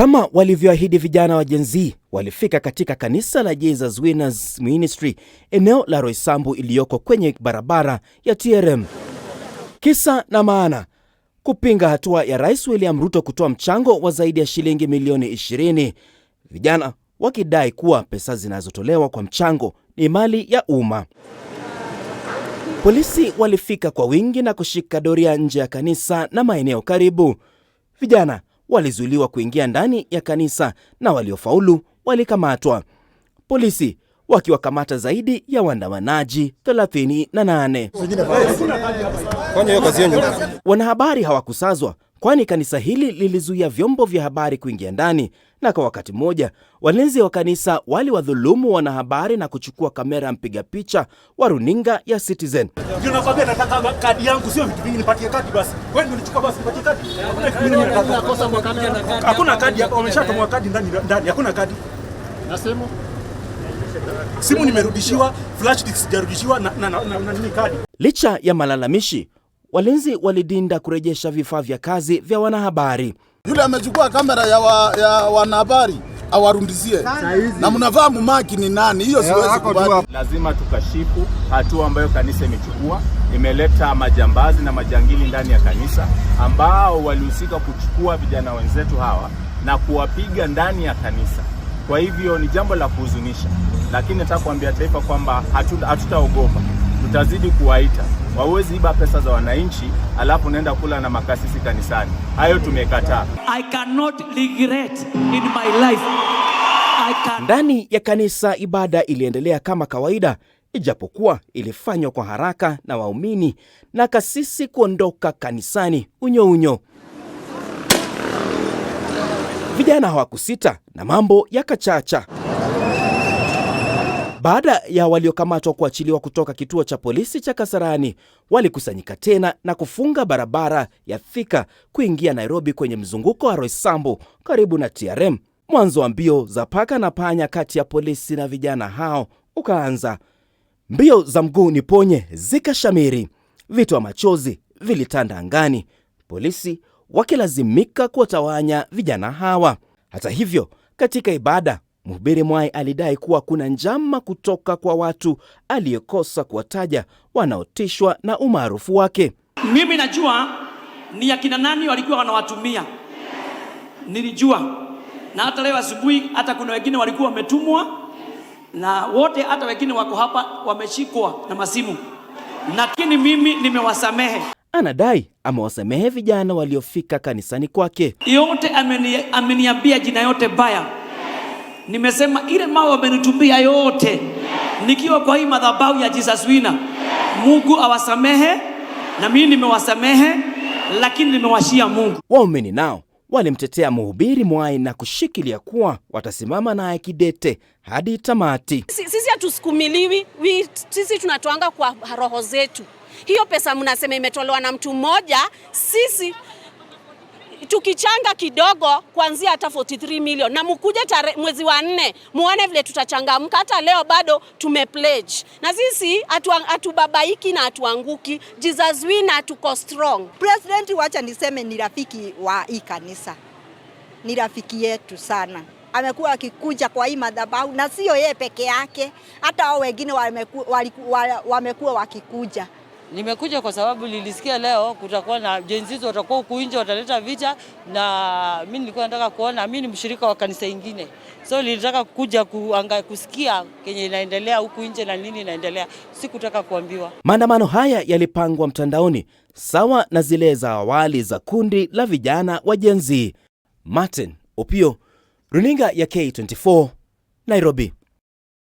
Kama walivyoahidi vijana wa Gen Z walifika katika kanisa la Jesus Winners Ministry eneo la Roysambu iliyoko kwenye barabara ya TRM. Kisa na maana kupinga hatua ya Rais William Ruto kutoa mchango wa zaidi ya shilingi milioni 20, vijana wakidai kuwa pesa zinazotolewa kwa mchango ni mali ya umma. Polisi walifika kwa wingi na kushika doria nje ya kanisa na maeneo karibu. Vijana walizuiliwa kuingia ndani ya kanisa na waliofaulu walikamatwa. Polisi wakiwakamata zaidi ya waandamanaji 38. Wanahabari hawakusazwa kwani kanisa hili lilizuia vyombo vya habari kuingia ndani, na kwa wakati mmoja walinzi wa kanisa waliwadhulumu wanahabari na kuchukua kamera ya mpiga picha wa runinga ya Citizen. nimerudishiwa, na na na kadi. Licha ya malalamishi Walinzi walidinda kurejesha vifaa vya kazi vya wanahabari. Yule amechukua kamera ya, wa, ya wanahabari awarundizie na mnavaa mumaki ni nani? Hiyo siwezi kubali. Lazima tukashifu hatua ambayo kanisa imechukua. Imeleta majambazi na majangili ndani ya kanisa ambao walihusika kuchukua vijana wenzetu hawa na kuwapiga ndani ya kanisa. Kwa hivyo ni jambo la kuhuzunisha, lakini nataka kuambia taifa kwamba hatutaogopa, tutazidi kuwaita wawezi iba pesa za wananchi alafu naenda kula na makasisi kanisani. Hayo tumekataa. I cannot regret in my life. I can... Ndani ya kanisa ibada iliendelea kama kawaida, ijapokuwa ilifanywa kwa haraka na waumini na kasisi kuondoka kanisani unyo unyo. Vijana hawakusita na mambo yakachacha. Baada ya waliokamatwa kuachiliwa kutoka kituo cha polisi cha Kasarani, walikusanyika tena na kufunga barabara ya Thika kuingia Nairobi kwenye mzunguko wa Roysambu karibu na TRM. Mwanzo wa mbio za paka na panya kati ya polisi na vijana hao ukaanza. Mbio za mguu ni ponye zikashamiri, vitwa machozi vilitanda angani, polisi wakilazimika kuwatawanya vijana hawa. Hata hivyo, katika ibada Mhubiri Mwai alidai kuwa kuna njama kutoka kwa watu aliyekosa kuwataja wanaotishwa na umaarufu wake. Mimi najua ni akina nani walikuwa wanawatumia, nilijua na hata leo asubuhi, hata kuna wengine walikuwa wametumwa, na wote hata wengine wako hapa wameshikwa na masimu, lakini mimi nimewasamehe. Anadai amewasamehe vijana waliofika kanisani kwake. Yote ameniambia, jina yote baya Nimesema ile mawe wamenitumia yote nikiwa kwa hii madhabahu ya Jesus Winner. Mungu awasamehe na mimi nimewasamehe, lakini nimewashia Mungu. Waumini nao walimtetea mhubiri Mwai na kushikilia kuwa watasimama naye kidete hadi tamati. Sisi hatusukumiliwi, sisi tunatoanga kwa roho zetu. Hiyo pesa mnasema imetolewa na mtu mmoja, sisi tukichanga kidogo kuanzia hata 43 million na mukuje mwezi wa nne muone vile tutachangamka. Hata leo bado pledge, na sisi hatubabaiki na hatuanguki. Jesus we na tuko strong. President, wacha niseme ni rafiki wa hii kanisa, ni rafiki yetu sana amekuwa akikuja kwa hii madhabahu, na sio yeye peke yake, hata wao wengine wamekuwa wakikuja. Nimekuja kwa sababu nilisikia leo kutakuwa na jenzizo, watakuwa huku nje wataleta vita, na mi nilikuwa nataka kuona, mi ni mshirika wa kanisa ingine, so nilitaka kuja kuanga, kusikia kenye inaendelea huku nje na nini inaendelea, sikutaka kuambiwa. Maandamano haya yalipangwa mtandaoni sawa na zile za awali za kundi la vijana wa jenzi. Martin Opio, runinga ya K24, Nairobi.